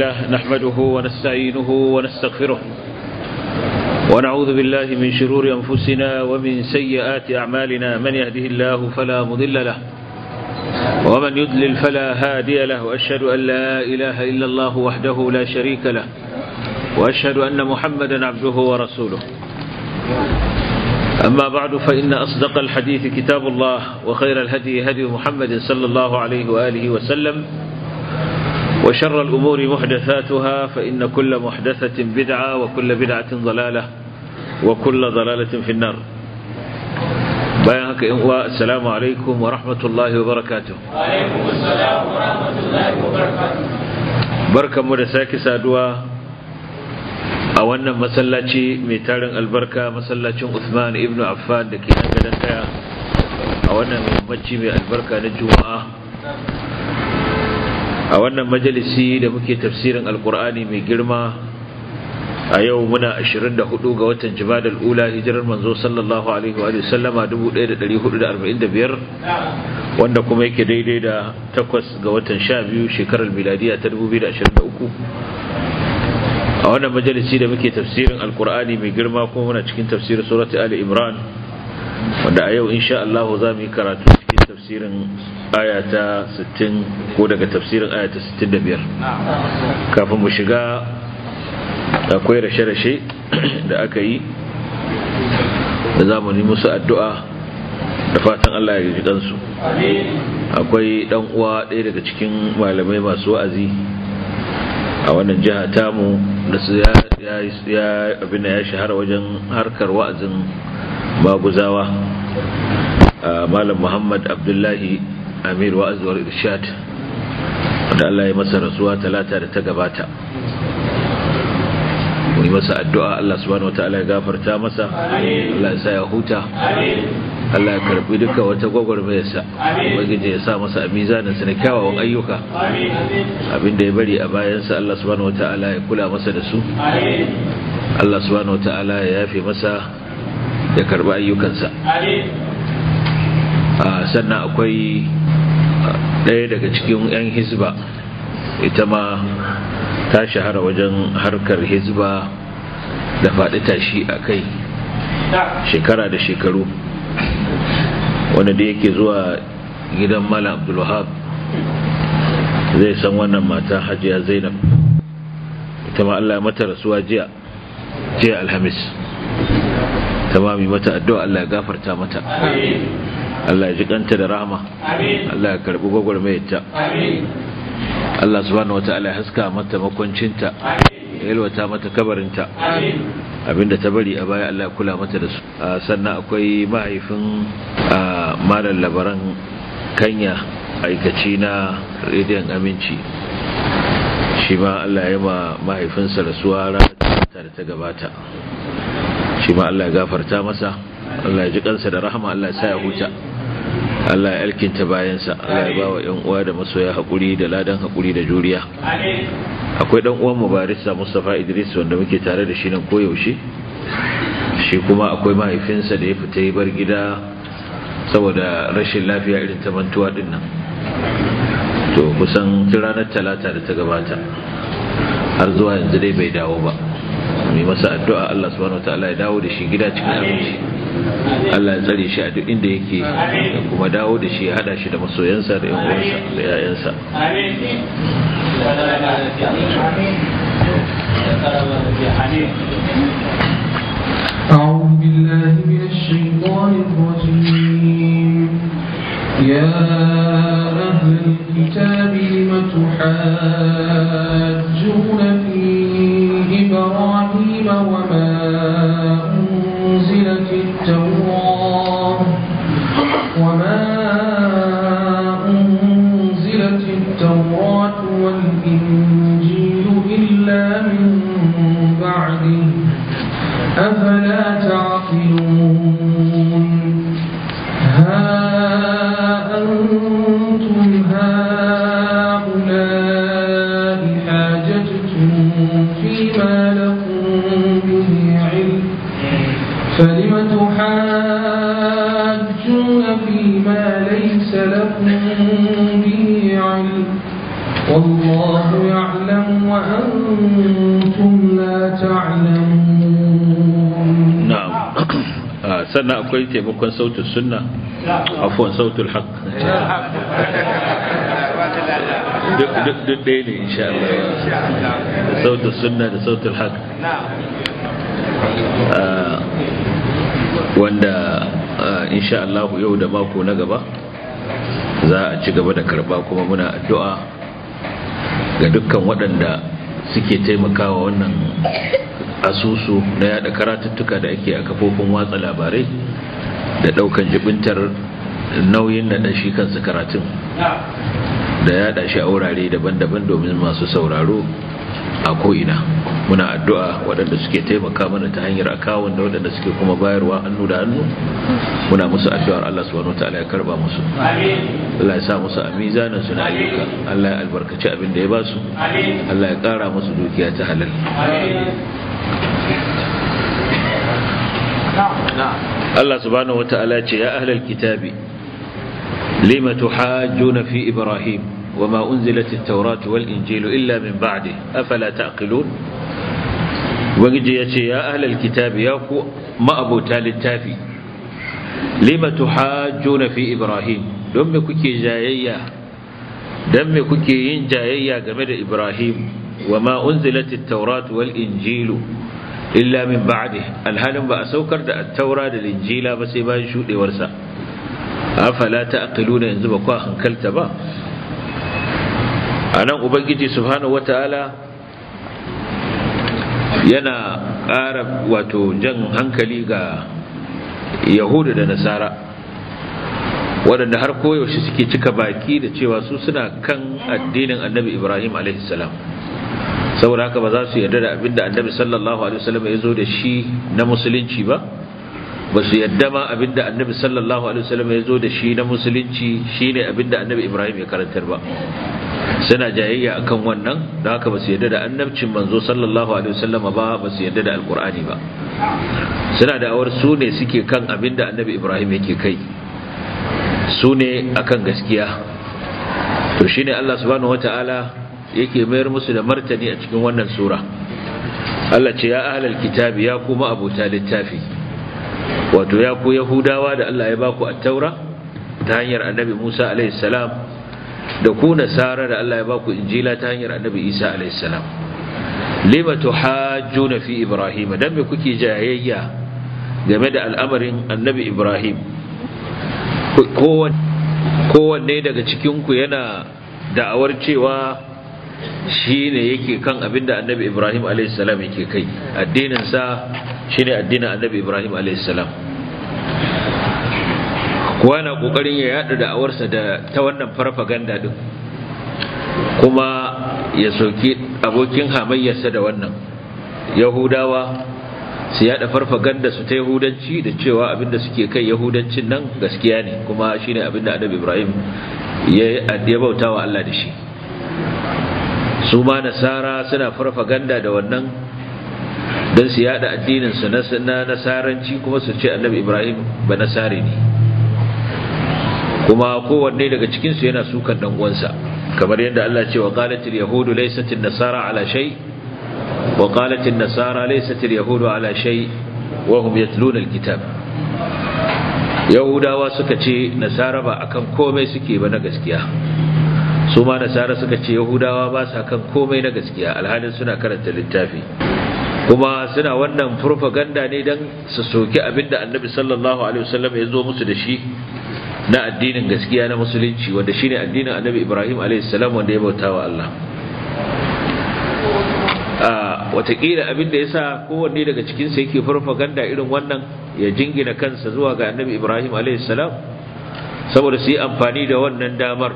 الله نحمده ونستعينه ونستغفره ونعوذ بالله من شرور أنفسنا ومن سيئات أعمالنا من يهده الله فلا مضل له ومن يدلل فلا هادي له وأشهد أن لا إله إلا الله وحده لا شريك له وأشهد أن محمدا عبده ورسوله أما بعد فإن أصدق الحديث كتاب الله وخير الهدي هدي محمد صلى الله عليه وآله وسلم وشر الأمور محدثاتها فإن كل محدثة بدعة وكل بدعة ضلالة وكل ضلالة في النار بيانك السلام عليكم ورحمة الله وبركاته وعليكم السلام ورحمة الله وبركاته بركة مدساك سادوا أولا مسلاتي ميتارن البركة مسلاتي عثمان ابن عفان لكي نجدن أولا ممجي البركة نجوها a wannan majalisi da muke tafsirin alkur'ani mai girma a yau muna 24 ga watan jimadal ula hijirar manzo sallallahu alaihi wa sallama 1445 wanda kuma yake daidai da 8 ga watan 12 shekarar miladiya ta 2023 a wannan majalisi da muke tafsirin alkur'ani mai girma kuma muna cikin tafsirin surati ali imran wanda a yau insha Allah za mu yi karatu cikin tafsirin aya ta 60 ko daga tafsirin aya ta 65 kafin mu shiga akwai rashe-rashe da aka yi da za musu addu'a da fatan Allah ya ji kansu akwai dan uwa ɗaya daga cikin malamai masu wa'azi a wannan jiha tamu da su ya abin ya shahara wajen harkar wa'azin maguzawa malam muhammad abdullahi amir wa'azuwar irshad da Allah ya masa rasuwa talata da ta gabata mun masa addu'a Allah subhanahu wataala ya gafarta masa Allah ya sa ya huta Allah ya karbi duka wata gwagwarmayarsa, sa ya sa masa a sa na kyawawan ayyuka abinda ya bari a bayansa, sa Allah subhanahu wataala ya kula masa da su Allah subhanahu wataala ya yafe masa ya karba ayyukansa sannan akwai ɗaya daga cikin 'yan hizba ita ma ta shahara wajen harkar hizba da faɗi tashi a kai shekara da shekaru wanda da yake zuwa gidan mala abdulwahab zai san wannan mata hajiya zainab ita ma allah mata rasuwa jiya jiya alhamis Tamami mata addu'a Allah ya gafarta mata Allah ya ji da rahama Allah ya karbi gwagwarmayarta Allah subhanahu wataala ya haska mata makwancinta ya yalwata mata kabarinta abinda ta bari a baya Allah ya kula mata da su sannan akwai mahaifin malam labaran kanya aikaci na rediyon aminci shi ma Allah ya yi ma mahaifinsa rasuwa ranar da ta gabata shi ma Allah ya gafarta masa Allah ya ji kansa da rahama Allah ya sa ya huta Allah ya alkinta bayansa Allah ya bawa yan uwa da masoya hakuri da ladan hakuri da juriya akwai dan uwan mu barista Mustafa Idris wanda muke tare da shi nan koyaushe shi kuma akwai mahaifinsa da ya fita yi bar gida saboda rashin lafiya irin ta mantuwa din nan to kusan ranar talata da ta gabata har zuwa yanzu dai bai dawo ba masa addu'a Allah subhanahu wa ta'ala ya dawo da shi gida cikin aminci Allah ya tsare shi a duk inda yake da kuma dawo da shi ya hada shi da masoyansa da yan'uwansa da yayansa أعوذ بالله من الشيطان الرجيم يا أهل الكتاب لم تحاجون إبراهيم وما أنزلت التوراة وما أنزلت التوراة والإنجيل إلا من بعده أفلا تعلمون فلم تحاجون فيما ليس لكم به علم والله يعلم وأنتم لا تعلمون نعم آه، سنة أقول تيمكن صوت السنة عفوا صوت الحق duk ɗaya ne insha Allah da sautin sunna da sautin haq wanda insha Allah yau da mako na gaba za a ci gaba da karba kuma muna addu'a ga dukkan waɗanda suke taimakawa wannan asusu na yada karatuttuka da ake a kafofin watsa labarai da ɗaukan jibintar nauyin da shi kansu karatun da yada shi a wurare daban-daban domin masu sauraro a ko'ina muna addu'a waɗanda suke taimaka mana ta hanyar akawun da waɗanda suke kuma bayarwa hannu da hannu muna musu addu'ar Allah subhanahu wataala ya karba musu Allah ya sa musu amin zanen su ayyuka Allah ya albarkaci abin da ya ba su Allah ya ƙara musu dukiya ta halal Allah subhanahu wataala ce ya ahlal kitabi lima tuhajjuna fi ibrahim وما أنزلت التوراة والإنجيل إلا من بعده أفلا تأقلون وجي يا أهل الكتاب يا ما أبو تال التافي لما تحاجون في إبراهيم دم كوكي جايا دم كوكي جايا جمد إبراهيم وما أنزلت التوراة والإنجيل إلا من بعده الهلم بأسوكر التوراة والإنجيل بس يبان شو ورسا أفلا تأقلون إن زبقوا أنكلت بقى a nan ubangiji subhanahu wata'ala yana ƙara wato jan hankali ga yahudu da nasara waɗanda har koyaushe suke cika baki da cewa su suna kan addinin annabi ibrahim alaihissalam saboda haka ba za su yarda da abinda annabi sallallahu alaihi wasallam ya zo da shi na musulunci ba ba su yarda ma abinda annabi sallallahu alaihi wasallam ya zo da shi na musulunci shine abinda annabi ibrahim ya karantar ba suna jayayya akan wannan da haka ba su yarda da annabcin manzo sallallahu alaihi wasallam ba ba su yarda da alkur'ani ba suna da awar su ne suke kan abin da annabi ibrahim yake kai su ne akan gaskiya to shine Allah subhanahu wataala yake mayar musu da martani a cikin wannan sura Allah ce ya ahlal kitabi ya kuma abuta littafi wato ya ku yahudawa da Allah ya baku at-taura ta hanyar annabi Musa alaihi salam da ku nasara da Allah ya ba ku injila ta hanyar annabi isa alaihissalam lima na fi ibrahim dan me kuke jayayya game da al'amarin annabi ibrahim kowanne daga cikin ku yana da'awar cewa shine yake kan abinda da annabi ibrahim alaihissalam yake kai addininsa shine addinin annabi ibrahim salam. kowa yana kokarin ya yada awarsa da ta wannan farfaganda din kuma ya soki abokin hamayyarsa da wannan yahudawa su yada farfaganda su ta yahudanci da cewa abinda suke kai yahudancin nan gaskiya ne kuma shine abinda adab ibrahim ya bauta wa allah da shi su ma nasara suna farfaganda da wannan don su yada addininsu na nasaranci kuma su ce annabi ibrahim ba nasare ne kuma kowanne daga cikinsu yana sukan dan uwansa kamar yadda Allah ce wa qalatil yahudu laysatil nasara ala shay wa qalatil nasara laysatil yahudu ala shay wa hum yatluna alkitab yahudawa suka ce nasara ba akan komai suke ba na gaskiya su ma nasara suka ce yahudawa ba sa kan komai na gaskiya alhalin suna karanta littafi kuma suna wannan propaganda ne don su soki abinda annabi sallallahu alaihi wasallam ya zo musu da shi na addinin gaskiya na musulunci wanda shine addinin annabi ibrahim alaihissalam wanda ya bauta wa allah watakila abin da ya sa kowanne daga cikinsa yake farfaganda irin wannan ya jingina kansa zuwa ga annabi ibrahim alaihissalam saboda su yi amfani da wannan damar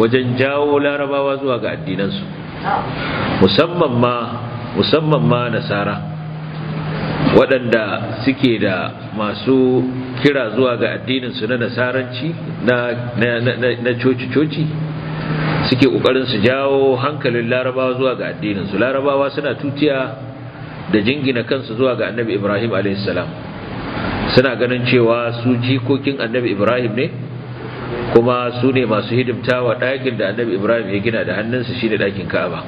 wajen jawo larabawa zuwa ga addinansu musamman ma musamman ma nasara waɗanda suke da masu kira zuwa ga addininsu na nasaranci na coci-coci suke ƙoƙarin su jawo hankalin larabawa zuwa ga addininsu larabawa suna tutiya da jingina kansu zuwa ga annabi ibrahim a.s. suna ganin cewa su jikokin annabi ibrahim ne kuma su ne masu hidimta wa ɗakin da annabi ibrahim ya gina da hannunsa shi ne ɗakin ka'aba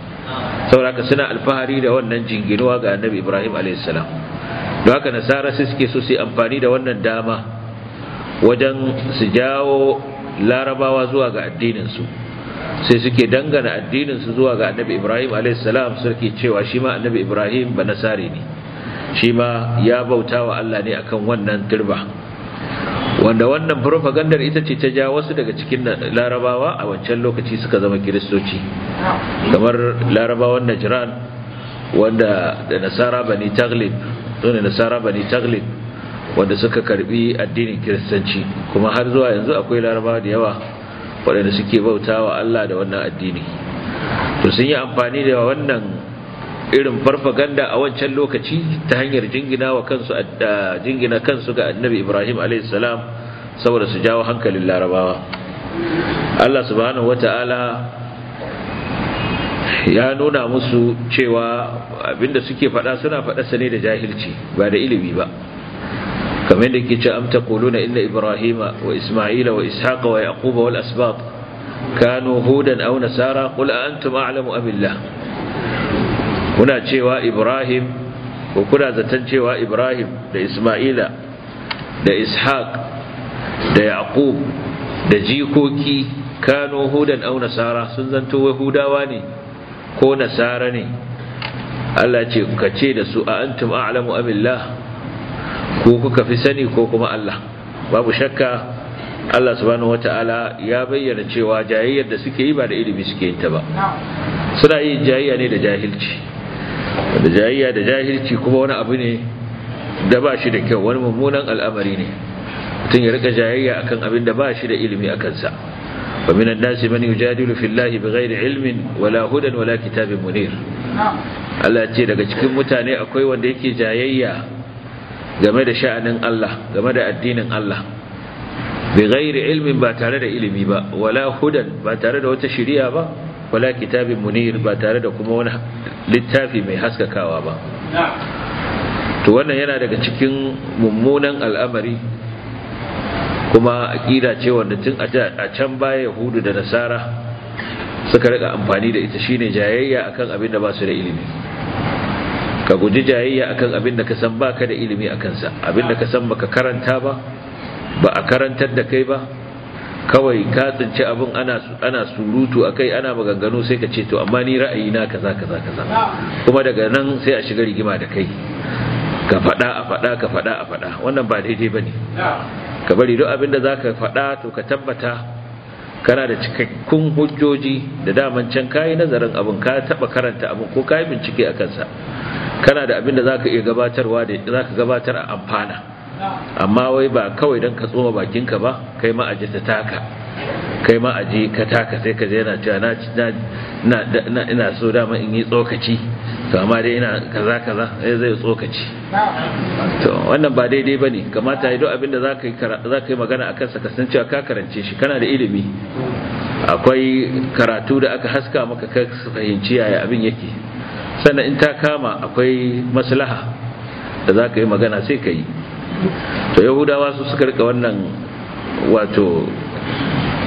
haka suna alfahari da wannan jinginuwa ga annabi ibrahim a.s. don haka nasara sai suke so su amfani da wannan dama wajen su jawo larabawa zuwa ga addininsu sai suke dangana addininsu zuwa ga annabi ibrahim alaihissalam suke cewa shi ma annabi ibrahim ba nasari ne shi ma ya bauta wa allah ne akan wannan turba wanda wannan propagandar ita ce ta ja wasu daga cikin larabawa a wancan lokaci suka zama kiristoci kamar larabawan najran wanda da nasara bani taglib su ne nasara bani taglib wanda suka karbi addinin kiristanci kuma har zuwa yanzu akwai larabawa da yawa waɗanda suke bauta wa Allah da wannan addini to sun yi amfani da wannan irin farfaganda a wancan lokaci ta hanyar jingina wa kansu jingina kansu ga annabi Ibrahim a.s. saboda su jawo hankalin larabawa Allah subhanahu wata'ala ya nuna musu cewa abinda suke faɗa suna faɗa sane da jahilci ba da ilimi ba kamar da ke ce amta kuluna inna ibrahima wa isma'ila wa ishaqa wa yaquba wal asbab kanu hudan aw nasara qul antum a'lamu am billah kuna cewa ibrahim ko kuna zaton cewa ibrahim da isma'ila da ishaq da yaqub da jikoki Kanu, hudan au nasara sun zanto hudawa ne ko nasara ne Allah ce ka ce da su a antum a'lamu amillah ko kuka fi sani ko kuma Allah babu shakka Allah subhanahu wata'ala ya bayyana cewa jayayyar da suke yi ba da ilimi suke yin ta ba suna yin jayayya ne da jahilci da jayayya da jahilci kuma wani abu ne da ba shi da kyau wani mummunan al'amari ne mutum ya rika jayayya akan abin da ba shi da ilimi a kansa فمن الناس من يجادل في الله بغير علم ولا هدى ولا كتاب منير Allah ce daga cikin mutane akwai wanda yake jayayya game da sha'anin Allah game da addinin Allah bi ghairi ilmin ba tare da ilimi ba wala hudan ba tare da wata shiri'a ba wala kitabin munir ba tare da kuma wani littafi mai haskakawa ba to wannan yana daga cikin mummunan al'amari kuma akida ce wanda tun a can baya yahudu da nasara suka rika amfani da ita shine jayayya akan abin da ba su da ilimi ka guji jayayya akan abin da ka san baka da ilimi a kansa abin da ka san baka karanta ba ba a karantar da kai ba kawai ka tsinci abin ana ana surutu akai ana maganganu sai ka ce to amma ni ra'ayi na kaza kaza kaza kuma daga nan sai a shiga rigima da kai ka faɗa a faɗa ka faɗa a faɗa wannan ba daidai bane ka bari duk abin da za ka faɗa to ka tabbata kana da cikakkun hujjoji da daman can yi nazarin abin ka taɓa karanta abin ko kayi bincike a kansa kana da abin da za ka iya gabatarwa da za gabatar a amfana amma wai ba kawai don ka tsoma bakinka ba kai ma aje ta taka kai ma aje ka taka sai ka je yana cewa na ina so dama in yi tsokaci to amma dai ina kaza kaza sai eh, zai tsokaci to wannan ba daidai bane kamata yi duk abin da zaka yi zaka yi magana akan sa cewa ka karance shi kana da ilimi akwai karatu da aka haska maka ka fahimci yaya abin yake sannan in ta kama akwai maslaha da zaka yi magana sai ka yi to yahudawa su suka rika wannan wato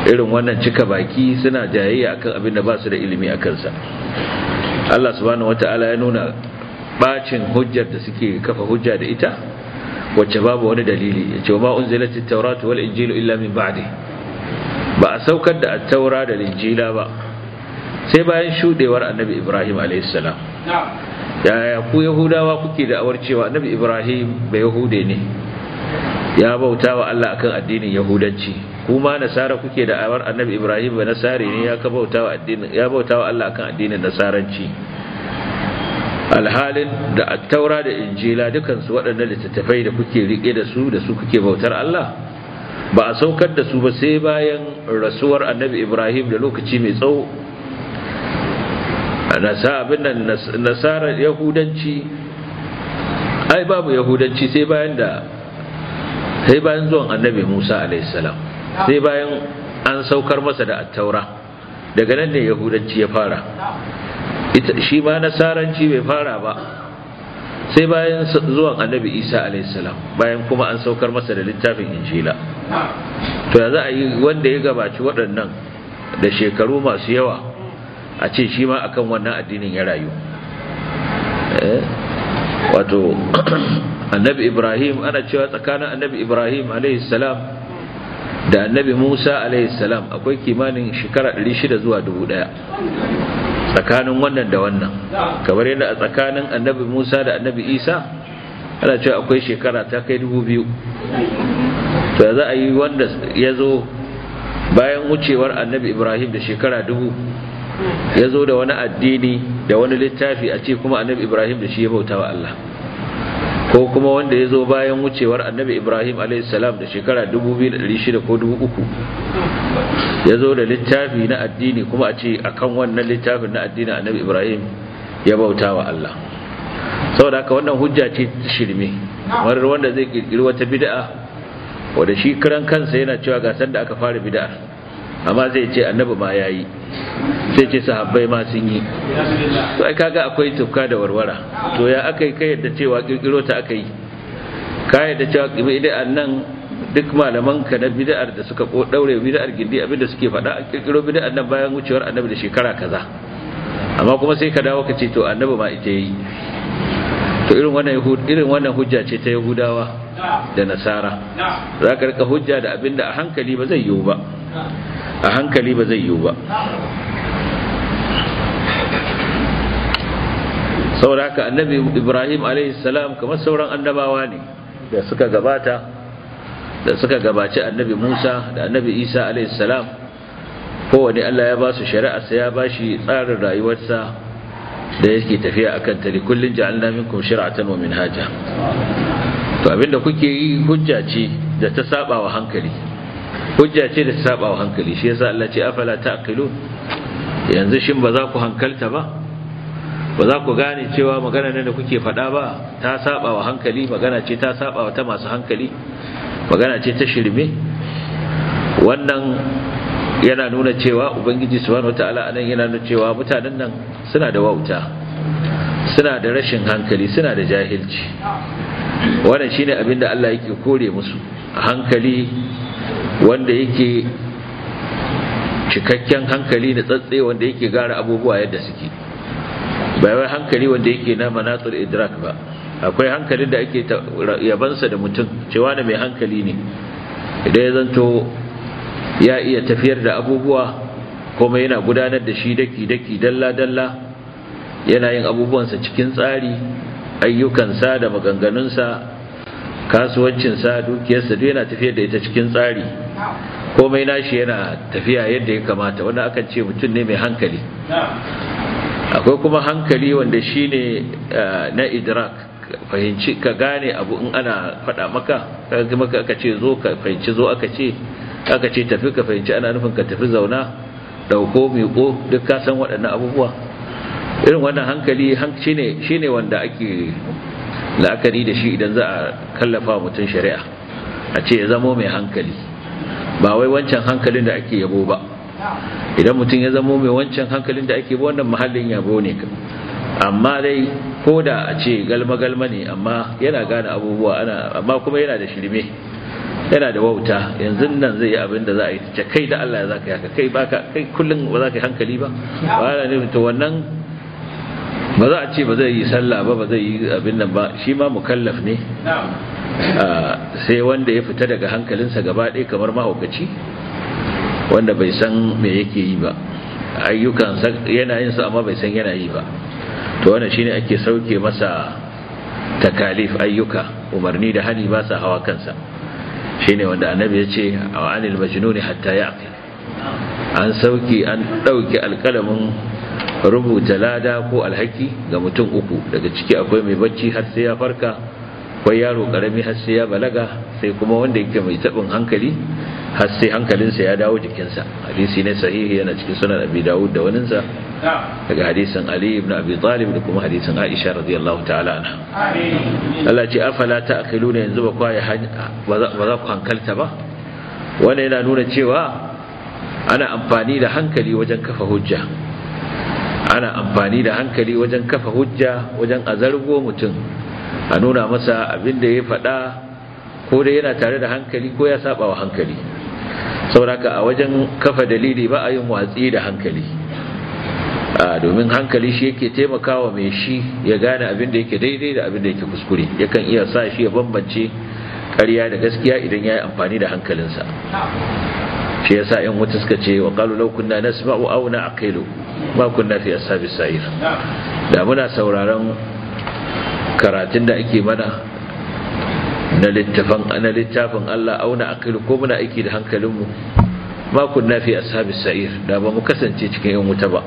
irin wannan cika baki suna jayayya akan abin da ba su da ilimi a kansa Allah subhanahu wata'ala ya nuna bacin hujjar da suke kafa hujja da ita wacce babu wani dalili ya ce ma unzilat at-tauratu wal injilu illa min ba'di ba a saukar da at-taura da injila ba sai bayan shudewar annabi Ibrahim alayhis yaya ku yahudawa kuke da awar cewa annabi Ibrahim bai yahude ne ya bauta wa Allah akan addinin yahudanci kuma nasara kuke da awar annabi ibrahim ba nasari ne ya bauta wa addinin ya bauta wa Allah akan addinin nasaranci alhalin da taura da injila dukansu waɗannan littattafai da kuke riƙe da su da su kuke bautar Allah ba a saukar da su ba sai bayan rasuwar annabi ibrahim da lokaci mai tsawo abin nan nasarar yahudanci ai babu yahudanci sai bayan da sai bayan zuwan annabi Musa alaihissalam sai bayan an saukar masa da attaura daga nan ne yahudanci ya fara shi ma nasaranci bai fara ba sai bayan zuwan annabi Isa alaihissalam bayan kuma an saukar masa da littafin injila to yanzu za a yi wanda ya gabaci waɗannan da shekaru masu yawa a ce shi ma akan wannan addinin ya rayu eh? wato annabi ibrahim ana cewa tsakanin annabi ibrahim alaihissalam da annabi musa alaihissalam akwai kimanin shekara 600 zuwa 1000 tsakanin wannan da wannan kamar yadda a tsakanin annabi musa da annabi isa ana cewa akwai shekara ta kai 2000 to za a yi wanda ya zo bayan wucewar annabi ibrahim da shekara 1000 ya zo da wani addini da wani littafi a ce kuma annabi ibrahim da shi ya bauta wa Allah ko kuma wanda ya zo bayan wucewar annabi ibrahim alaihissalam da shekara 2600 ko 3000 ya zo da littafi na addini kuma a ce akan wannan littafin na addini annabi ibrahim ya bauta wa Allah saboda haka wannan hujja ce shirme wanda zai kirkiri wata bid'a wanda shi kiran kansa yana cewa gasar da aka fara bid'ar amma zai ce annabi ma ya yi sai ce sahabbai ma sun yi to ai kaga akwai tufka da warwara to ya aka yi kai yadda cewa kirkiro ta aka yi ka yadda cewa bid'an nan duk malaman ka na bid'ar da suka ko daure bid'ar gindi abinda suke faɗa a kirkiro bid'ar nan bayan wucewar annabi da shekara kaza amma kuma sai ka dawo ka ce to annabi ma ita yi to irin wannan irin wannan hujja ce ta yahudawa da nasara za ka rika hujja da abinda a hankali ba zai yiwu ba a hankali ba zai yiwu ba haka annabi ibrahim salam kamar sauran annabawa ne da suka gabata da suka gabaci annabi musa da annabi isa salam kowane allah ya ba su shari'arsa ya ba shi tsarin rayuwarsa da yake tafiya akan ta kullum ja'alna minkum shir'atan wa minhaja to abinda kuke yi hujja ce da ta saba wa hankali hujja ce da ta saba wa hankali shi yasa Allah ce afala taqilu yanzu shin ba za ku hankalta ba ba za ku gane cewa magana ne da kuke faɗa ba ta saba wa hankali magana ce ta saba wa ta masu hankali magana ce ta shirme wannan yana nuna cewa ubangiji subhanahu wataala anan yana nuna cewa mutanen nan suna da wauta suna da rashin hankali suna da jahilci wannan shine abin da Allah yake kore musu hankali wanda yake cikakken hankali da tsatse wanda yake gara abubuwa yadda suke bayan hankali wanda yake na Manatsar idrak ba akwai hankalin da ake yabansa da mutum cewa da mai hankali ne idan ya zanto ya iya tafiyar da abubuwa kuma yana gudanar da shi daki-daki dalla-dalla yana yin abubuwansa cikin tsari ayyukansa da maganganunsa kasuwancin kasuwancinsa dukiyarsa duk yana tafiyar da ita cikin tsari komai nashi yana tafiya yadda ya kamata wanda akan ce mutum ne mai hankali akwai kuma hankali wanda shi eh, na idrak fahimci ka gane abu in ana faɗa maka maka aka ce zo ka fahimci zo aka ce aka ce tafi ka fahimci ana nufin ka tafi zauna dauko miƙo duk ka san waɗannan abubuwa irin wannan hankali shine ne wanda ake la'akari da shi idan za a kallafa mutum shari'a a ce ya zamo mai hankali ba wai wancan hankalin da ake yabo ba idan mutum ya zamo mai wancan hankalin da ake wannan mahallin yabo ne amma dai ko da a ce galma-galma ne amma yana gane abubuwa amma kuma yana da shirme yana da wauta yanzu nan zai yi abin da za a yi ta kai da Allah ya za ka yi kai kullum ba za ka yi hankali ba ba ne ta wannan ba za a ce ba zai yi sallah ba ba zai yi abin nan ba shi ma mukallaf ne sai wanda ya fita daga hankalinsa gaba ɗaya kamar mahaukaci wanda bai san me yake yi ba ayyukan yana yin su amma bai san yana yi ba to wannan shine ake sauke masa takalif ayyuka umarni da hani ba sa hawa kansa shine wanda annabi ya ce a wa'anil majnuni hatta ya? an sauke an ɗauki alkalamin rubuta lada ko alhaki ga mutum uku daga ciki akwai mai bacci har sai ya farka akwai yaro karami har sai ya balaga sai kuma wanda yake mai tabin hankali har sai hankalinsa ya dawo jikinsa hadisi ne sahihi yana cikin sunan abi dawud da waninsa daga hadisin ali ibn abi talib da kuma hadisin aisha radiyallahu ta'ala anha Allah ce afala ta'qiluna yanzu ba kwa ba za ku hankalta ba wannan yana nuna cewa ana amfani da hankali wajen kafa hujja ana amfani da hankali wajen kafa hujja wajen azargo mutum a nuna masa abin da ya faɗa ko da yana tare da hankali ko ya saba wa hankali sauraka a wajen kafa dalili ba a yin watsi da hankali domin hankali shi yake taimakawa mai shi ya gane abin da yake daidai da abin da yake kuskure yakan iya sa shi ya bambance ƙarya da gaskiya idan ya yi amfani da hankalinsa shi yasa yan wuta suka ce wa qalu law kunna nasma'u aw na'qilu ma kunna fi ashabis sa'ir da muna sauraron karatun da ake mana na littafin Allah littafin Allah aw na'qilu ko muna aiki da hankalinmu ma kunna fi ashabis sa'ir da ba mu kasance cikin yan wuta ba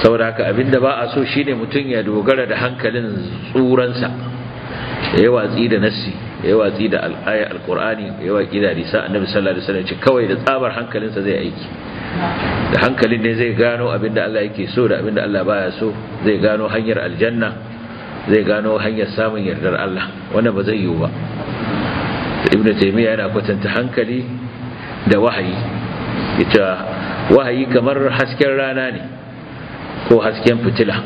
saboda haka abinda ba a so shine mutum ya dogara da hankalin tsuransa ya watsi da nasi ya watsi da al'aya alkur'ani ya yi da risa annabi sallallahu alaihi wasallam ce kawai da tsabar hankalinsa zai aiki da hankalin ne zai gano abin Allah yake so da abin Allah baya so zai gano hanyar aljanna zai gano hanyar samun yardar Allah wannan ba zai yiwu ba ibnu taymiya yana kwatanta hankali da wahayi yace wahayi kamar hasken rana ne ko hasken fitila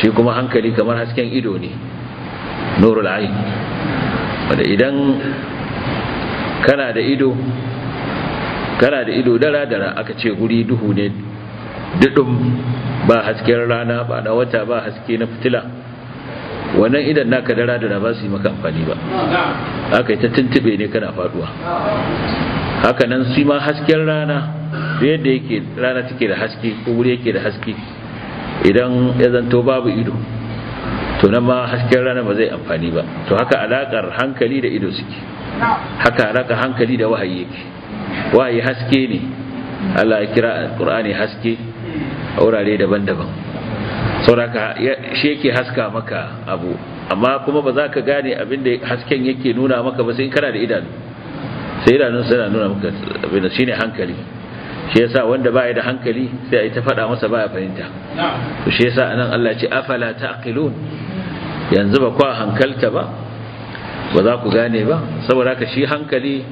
shi kuma hankali kamar hasken ido ne nurul ayn wanda idan kana da ido kana da ido dara-dara aka ce guri duhu ne duɗin ba hasken rana ba na wata ba haske na fitila wannan idan naka dara-dara ba su yi maka amfani ba aka yi ta tuntube ne kana faduwa haka nan su ma hasken rana yadda yake rana take da haske ko wuri yake da haske idan ya zanto babu ido to nan ma hasken rana ba zai amfani ba to haka alakar hankali da ido suke haka alakar hankali da wahayi yake wahayi haske ne Allah ya kira Qur'ani haske a wurare daban-daban sauraka shi yake haska maka abu amma kuma ba za ka gane abin da hasken yake nuna maka ba sai kana da idanu sai idanun suna nuna maka abin da shine hankali shi yasa wanda baya da hankali sai a yi ta faɗa masa baya fahimta to shi yasa anan Allah ce afala taqilun yanzu ba kwa hankalta ba ba za ku gane ba saboda ka shi hankali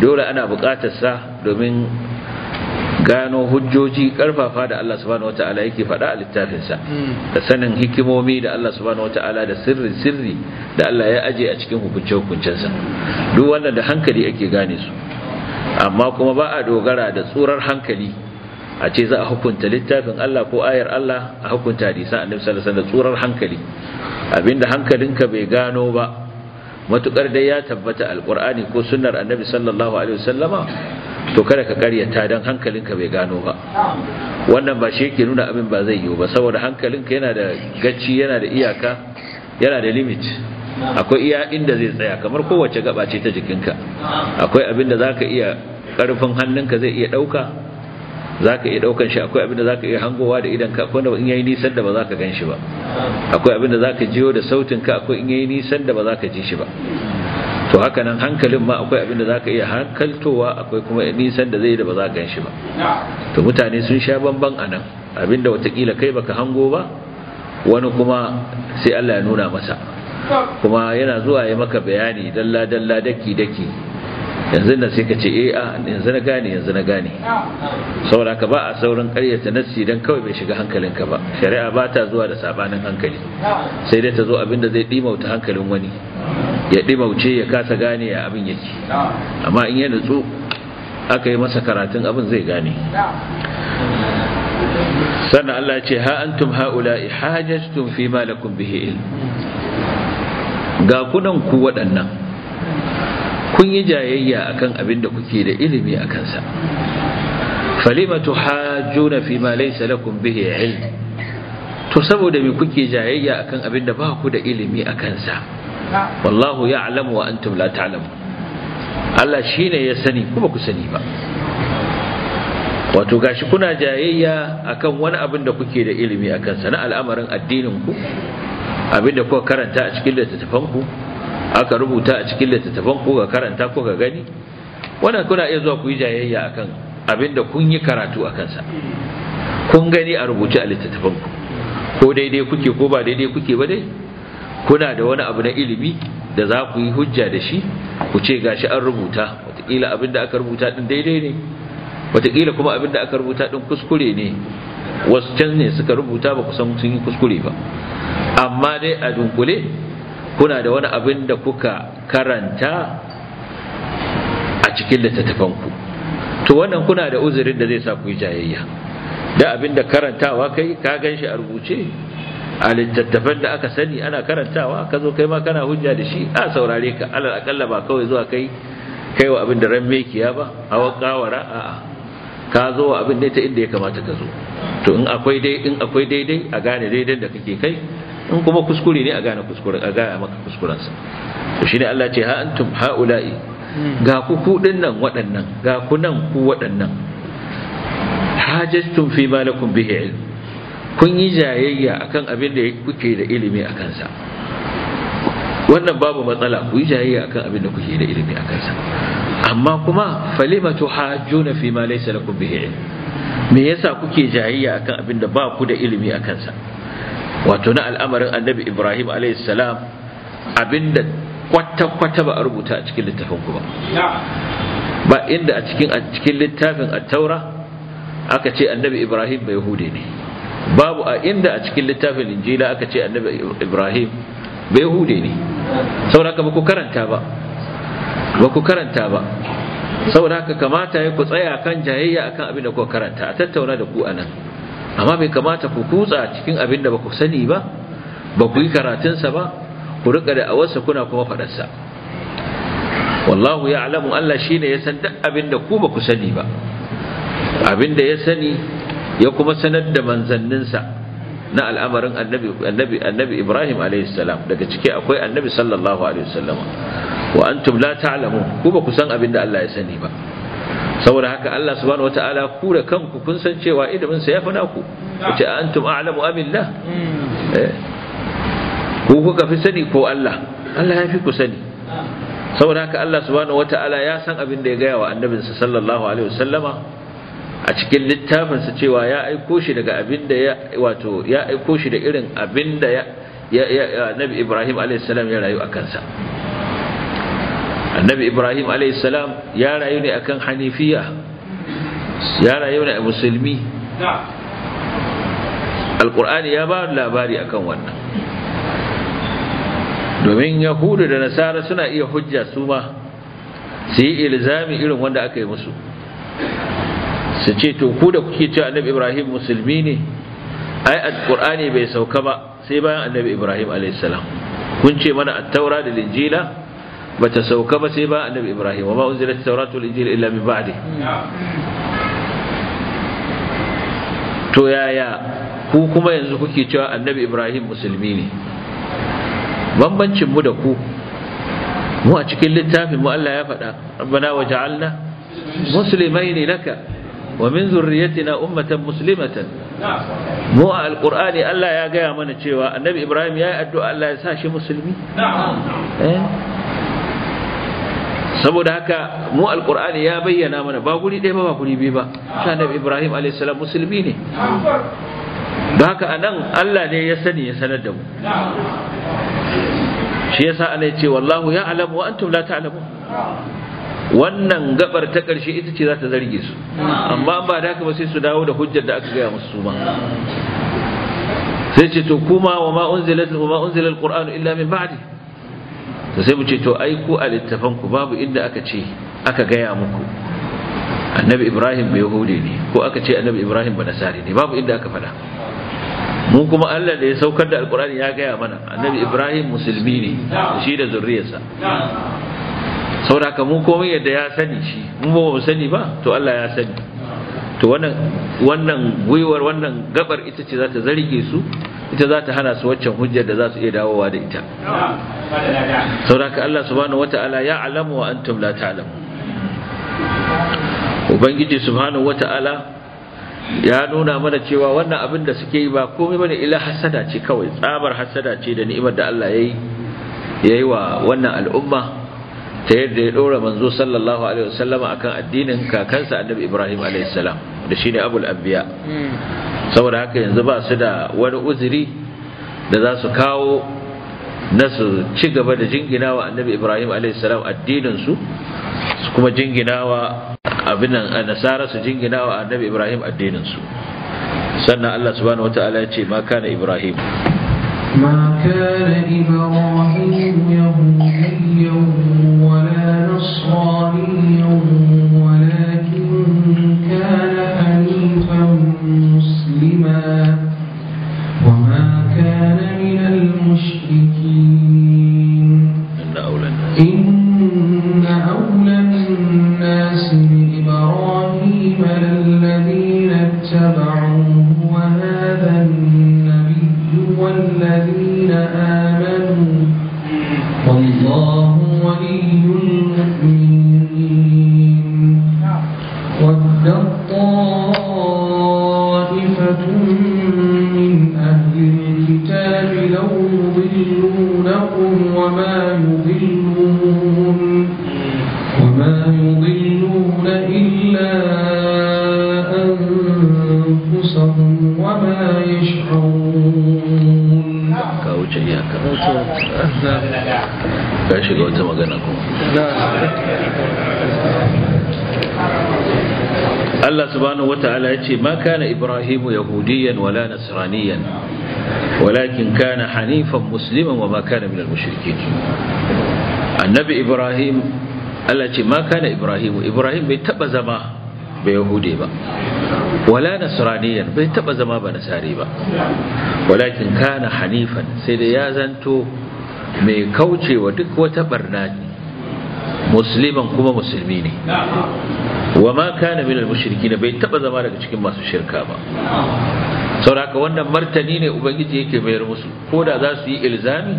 dole ana buƙatar sa domin gano hujjoji karfafa da Allah subhanahu wata'ala yake faɗa a littafinsa da sanin hikimomi da Allah subhanahu wata'ala da sirri sirri da Allah ya aje a cikin hukunce hukuncensa duk wanda da hankali ake gane su amma kuma ba a dogara da tsurar hankali a ce za a hukunta littafin Allah ko ayar Allah a hukunta hadisan annabi sallallahu alaihi tsurar hankali abinda hankalinka bai gano ba matukar dai ya tabbata alqur'ani ko sunnar annabi sallallahu alaihi wasallama to kada ka karyata dan hankalinka bai gano ba wannan ba shi yake nuna abin ba zai yi ba saboda hankalinka yana da gaci, yana da iyaka yana da limit akwai iya inda zai tsaya kamar kowace gaba ce ta jikinka akwai abinda zaka iya karfin hannunka zai iya dauka zaka iya daukan shi akwai abinda zaka iya hangowa da idan ka akwai in yayi nisan da ba zaka gan shi ba akwai abinda zaka jiyo da sautin ka akwai in yayi nisan da ba zaka ji shi ba to haka nan hankalin ma akwai abinda zaka iya hankaltowa akwai kuma nisan da zai da ba za ka shi ba to mutane sun sha bamban anan abinda watakila kai baka hango ba wani kuma sai Allah ya nuna masa kuma yana zuwa ya maka bayani dalla dalla daki daki yanzu na sai ka ce eh a ah, yanzu na gane yanzu na gane saboda ka ba a saurin karyata nassi dan kawai bai shiga hankalinka ba shari'a ba ta zuwa da sabanin hankali sai dai ta zo abin da zai dimauta hankalin wani ya dimauce ya kasa gane ya abin yake amma in ya nutsu aka yi masa karatun abin zai gane sannan Allah ce ha antum haula'i hajajtum fi ma lakum bihi ga kunan ku waɗannan kun yi jayayya akan abin da kuke da ilimi a kansa falima tuhajjuna fi ma laysa lakum bihi ilm to saboda me kuke jayayya akan abin da ba ku da ilimi a kansa wallahu ya'lamu wa antum la ta'lamu Allah shine ya sani kuma ku sani ba wato gashi kuna jayayya akan wani abin da kuke da ilimi a kansa na al'amarin addinin ku abinda kuka karanta a cikin littattafanku aka rubuta a cikin littattafanku ga karanta ko ga gani wannan kuna iya zuwa ku yi jayayya akan abinda kun yi karatu a kansa kun gani a rubuce a littattafanku ko daidai kuke ko ba daidai kuke ba dai kuna da wani abu na ilimi da za ku yi hujja da shi ku ce gashi an rubuta wataƙila abinda aka rubuta din daidai ne wataƙila kuma abin da aka rubuta ɗin kuskure ne wasu can ne suka rubuta ba kusan sun yi kuskure ba amma dai a dunkule kuna da wani abin da kuka karanta a cikin littattafanku to wannan kuna da uzurin da zai sa ku yi jayayya da abin da karantawa kai ka gan shi a rubuce a littattafan da aka sani ana karantawa ka zo kai ma kana hujja da shi a saurare ka alal akalla ba kawai zuwa kai kaiwa wa abin da ran mekiya ba a wakawara a'a ka zo wa abin dai ta inda ya kamata ka zo to in akwai dai in akwai daidai a gane daidai da kake kai in kuma kuskure ne a gane kuskuren a gaya maka kuskuren sa to shine Allah ce ha antum haula'i hmm. ga ku ku dinnan waɗannan ga ku nan ku waɗannan hajastum fi malakum bihi ilm kun yi jayayya akan abin da kuke da ilimi a kansa wannan babu matsala ku yi jayayya akan abin da kuke da ilimi a kansa amma kuma falima hajjuna fi ma laysa lakum bihi me yasa kuke jayayya akan abin da ba ku da ilimi akan sa wato na al'amarin annabi Ibrahim alayhi salam abinda kwata-kwata ba a rubuta a cikin littafin ku ba ba inda a cikin a cikin littafin at-taura aka ce annabi Ibrahim bai hude ne babu a inda a cikin littafin injila aka ce annabi Ibrahim bai hude ne saboda ka ba ku karanta ba ba ku karanta ba saboda haka kamata ya ku tsaya kan jayayya akan abin da ku karanta a tattauna da ku anan amma bai kamata ku kutsa cikin abin da ba ku sani ba ba ku yi karatunsa ba ku rika da awarsa kuna kuma faɗarsa wallahu ya alamu Allah shi ne ya san duk abin da ku ba ku sani ba abin da ya sani ya kuma sanar da manzanninsa na al'amarin annabi Ibrahim salam daga ciki akwai annabi sallallahu alaihi wasallam wa antum la ta'lamun ku ba ku san abin da Allah ya sani ba saboda haka Allah subhanahu wataala ku da kanku kun san cewa ilimin sa fana ku? wace antum a'lamu amillah hmm. eh. ku kuka fi sani ko Allah Allah ya fi ku sani saboda haka Allah subhanahu wataala ya san abin da ya gaya wa annabinsa sallallahu alaihi wasallama a cikin littafinsa cewa ya aiko shi daga abin da ya wato ya aiko shi da irin abin da ya nabi Ibrahim alaihi salam ya rayu a kansa annabi ibrahim alaihissalam ya rayu ne akan hanifiya ya rayu ne a musulmi alkur'ani ya ba labari akan wannan domin yahudu da nasara suna iya hujja su ma su yi ilzami irin wanda aka yi musu su ce to ku da kuke ce annabi ibrahim musulmi ne ai alkur'ani bai sauka ba sai bayan annabi ibrahim alaihissalam kun ce mana attaura da linjila bata sauka ba sai ba annabi ibrahim wa ma unzilat tawratu injil illa min ba'di to yaya ku kuma yanzu kuke cewa annabi ibrahim musulmi ne bambancin mu da ku mu a cikin littafin mu Allah ya faɗa rabbana waja'alna muslimaini laka ومن ummatan أمة Mu a القرآن Allah ya gaya mana cewa annabi Ibrahim ya yi addu'a Allah ya sa shi musulmi eh? saboda haka mu alkur'ani ya bayyana mana ba guri ɗaya ba ba guri biyu ba ta annabi ibrahim alaihissalam musulmi ne don haka anan allah ne ya sani ya sanar da mu shi yasa ana ce wallahu ya alamu wa antum la ta'lamu wannan gabar ta karshe ita ce za ta zarge su amma ba da haka ba sai su dawo da hujjar da aka gaya musu ba sai ce to kuma wa ma unzila unzila Alqur'anu illa min ba'di to sai mu ce to ai ku a littafan ku babu inda aka ce aka gaya muku annabi ibrahim bai hude ne ko aka ce annabi ibrahim ba nasari ne babu inda aka faɗa mu kuma Allah da ya saukar da alkurani ya gaya mana annabi ibrahim musulmi ne shi da zurriyarsa sauraka mu komai yadda ya sani shi mu ba mu sani ba to Allah ya sani to wannan wannan gwiwar wannan gabar ita ce za ta zarge su ita za ta hana su waccan hujjar da za su iya dawowa da ita sauraka Allah subhanahu wata'ala ya alamu wa antum la ta'lamu ubangiji subhanahu wata'ala ya nuna mana cewa wannan abin da suke yi ba komai bane ila hasada ce kawai tsabar hasada ce da ni'imar da Allah yayi yayi wa wannan al'umma ta yadda ya ɗora manzo sallallahu alaihi wasallama akan addinin kakansa annabi Ibrahim alaihi salam da shine abul anbiya hmm. saboda haka yanzu ba su da wani uzuri da za su kawo na su ci gaba da jingina wa annabi ibrahim alaihissalam addininsu su kuma jingina wa abin a nasara su jingina wa annabi ibrahim addininsu sannan allah subhanahu wata ya ce ma kana ibrahim يضلون وما يضلون إلا أنفسهم وما يشعرون كاوجه يا كاوجه كاشي كاوجه مغنكم Allah subhanahu wa ta'ala ya ce, "Ma kana Ibrahimu Yahudiyan wala Nasraniyan, walakin kana hanifan musliman wa ma kana minal mushrikin annabi ibrahim Allah ce ma kana ibrahim ibrahim bai taba zama ba yahude ba wala nasraniyan bai taba zama ba nasari ba walakin kana hanifan sai dai ya zanto mai kaucewa duk wata barna musliman kuma musulmi ne wa ma kana minal mushrikin bai taɓa zama daga cikin masu shirka ba sauraka wannan martani ne ubangiji yake mayar musu ko da za su yi ilzami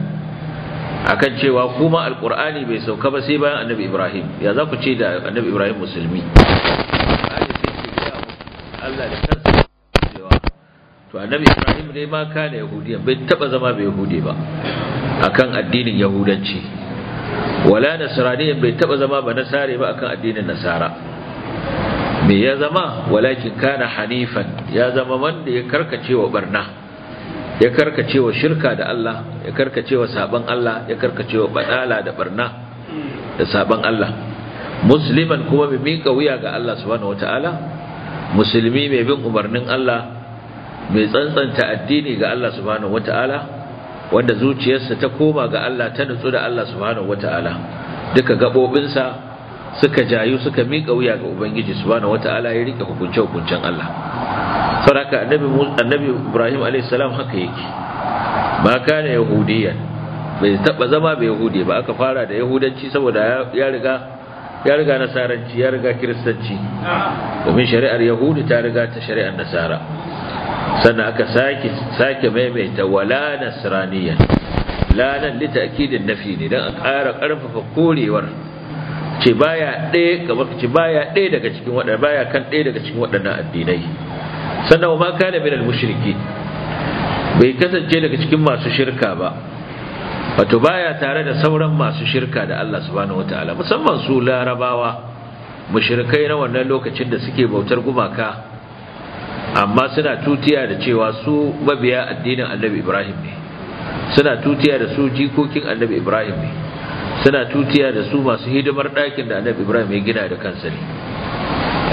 akan cewa kuma alkur'ani bai sauka ba sai bayan annabi ibrahim ya za ku ce da annabi ibrahim musulmi Allah to annabi ibrahim ne ma kana yahudiya bai taba zama bai yahudi ba akan addinin yahudanci wala nasraniyan bai taba zama ba nasare ba akan addinin nasara me ya zama walakin kana hanifan ya zama wanda ya karkacewa barna ya karkacewa shirka da Allah ya karkacewa saban Allah ya karkacewa badala da barna da saban Allah musliman kuma mai mika wuya ga Allah subhanahu wataala musulmi mai bin umarnin Allah mai tsantsanta addini ga Allah subhanahu wataala wanda zuciyarsa ta koma ga Allah ta nutsu da Allah subhanahu wataala duka gabobinsa suka jayu suka miƙa wuya ga ubangiji wa wata ya rike hukunce Allah saraka annabi Ibrahim alayhi haka yake ba ne yahudiyan bai taba zama bai yahudi ba aka fara da yahudanci saboda ya riga ya nasaranci ya riga kiristanci domin shari'ar yahudi ta riga ta shari'ar nasara sannan aka sake sake maimaita wala nasraniyan lanan litakidin nafi ne dan a ƙara ƙarfafa korewar ce baya ɗaya kamar ce baya ɗaya daga cikin waɗannan baya kan ɗaya daga cikin waɗannan addinai sannan ma da minal mushriki bai kasance daga cikin masu shirka ba wato baya tare da sauran masu shirka da Allah subhanahu wataala musamman su larabawa mushrikai na wannan lokacin da suke bautar gumaka amma suna tutiya da cewa su mabiya addinin Annabi Ibrahim ne suna tutiya da su jikokin Annabi Ibrahim ne suna tutiya da su masu hidimar ɗakin da annabi ibrahim ya gina da kansa ne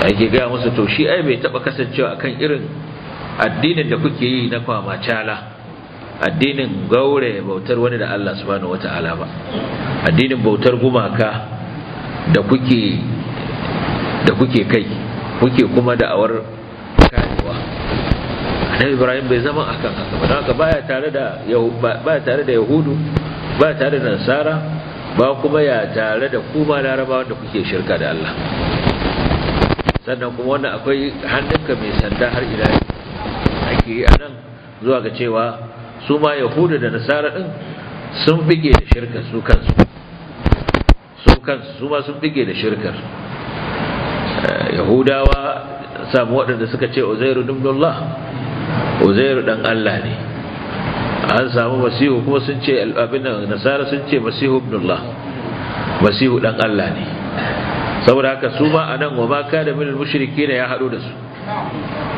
ake gaya masa to shi ai bai taɓa kasancewa akan irin addinin da kuke yi na kwama cala addinin gaure bautar wani da Allah subhanahu ta'ala ba addinin bautar gumaka da kuke da kuke kai kuke kuma da'awar karewa annabi ibrahim bai zama akan haka ba haka baya tare da baya tare da yahudu baya tare da nasara ba kuma ya tare da kuma larabawa da kuke shirka da Allah sannan kuma wannan akwai hannunka mai sanda har ila ake yi a nan zuwa ga cewa su ma yahudu da nasara ɗin sun buge da shirka su kansu su ma sun da shirkar eh, yahudawa samu waɗanda suka ce uzairu dumdullah uzairu ɗan Allah ne an samu masihu kuma sun ce abin nasara sun ce masihu ibnullah masihu dan Allah ne saboda haka su ma anan wa ma kana min mushriki ne ya hado da su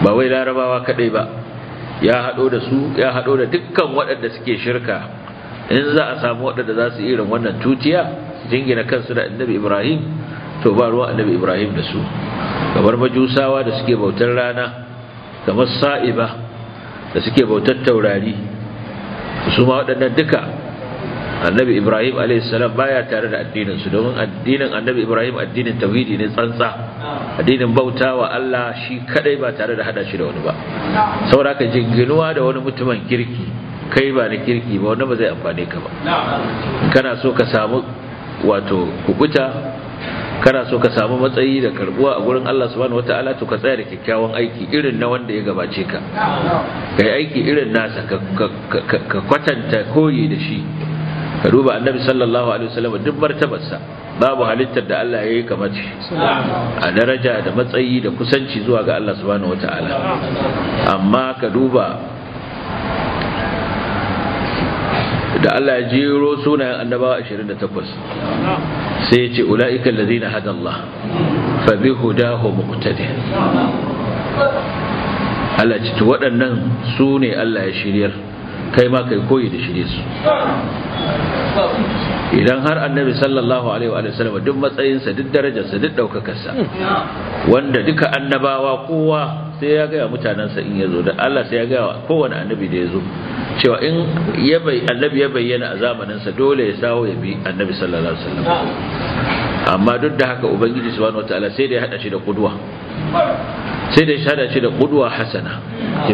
ba wai larabawa kadai ba ya hado da su ya hado da dukkan waɗanda suke shirka in za a samu waɗanda za su irin wannan tutiya jingina kansu da annabi Ibrahim to ba ruwa annabi Ibrahim da su kamar majusawa da suke bautar rana kamar sa'iba da suke bautar taurari su ma waɗannan duka annabi ibrahim alaihissalam baya tare da addininsu domin addinin annabi ibrahim addinin tauhidi ne tsantsa addinin bauta wa Allah shi kadai ba tare da hada shi da wani ba saboda ka jinginuwa da wani mutumin kirki kai ba na kirki ba wani ba zai amfani ka ba kana so ka samu wato kukuta kana so ka samu matsayi da karbuwa a gurin Allah subhanahu wataala to ka tsaya da kyakkyawan aiki irin na wanda ya gabace ka kai aiki irin nasa ka kwatanta koyi da shi ka duba annabi sallallahu alaihi wasallam duk martabarsa babu halittar da Allah ya yi kamar shi a daraja da matsayi da kusanci zuwa ga Allah subhanahu wataala amma ka duba da Allah ya jero sunayen annabawa 28 sai ya ce ula'ika allazina Allah? fa bi hudahu muqtadi Allah ce waɗannan su ne Allah ya shiryar kai ma kai koyi da shirye su idan har annabi sallallahu alaihi wa sallam duk matsayinsa duk darajarsa duk ɗaukakarsa wanda duka annabawa kowa sai ya gaya mutanensa in ya zo da Allah sai ya gaya kowane annabi da ya zo cewa in annabi ya bayyana a zamaninsa dole ya dawo ya bi annabi sallallahu alaihi wasallam amma duk da haka ubangiji subhanahu wataala sai da ya hada shi da kudwa sai da ya hada shi da kudwa hasana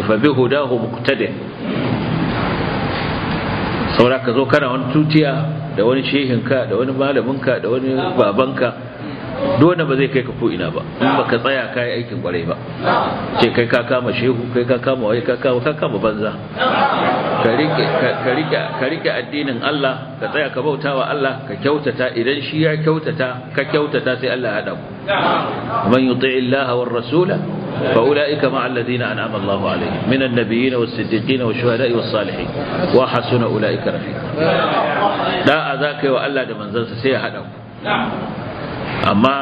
fa bi hudahu muqtadi saboda ka zo kana wani tutiya da wani shehinka da wani malaminka da wani babanka dole ba zai kai ka ko ina ba in baka tsaya kai aikin kwarai ba ce kai ka kama shehu kai ka kama wai ka kama banza ka rike addinin Allah ka tsaya ka bauta wa Allah ka kyautata idan shi ya kyautata ka kyautata sai Allah ya hada ku man yuti'i Allah war rasula fa ulaika ma alladhina an'ama Allah alaihim min an-nabiyyin was-siddiqin wash-shuhada'i was-salihin wa hasuna ulaika rafiqa da'a zakai wa Allah da manzansa sai ya hada ku amma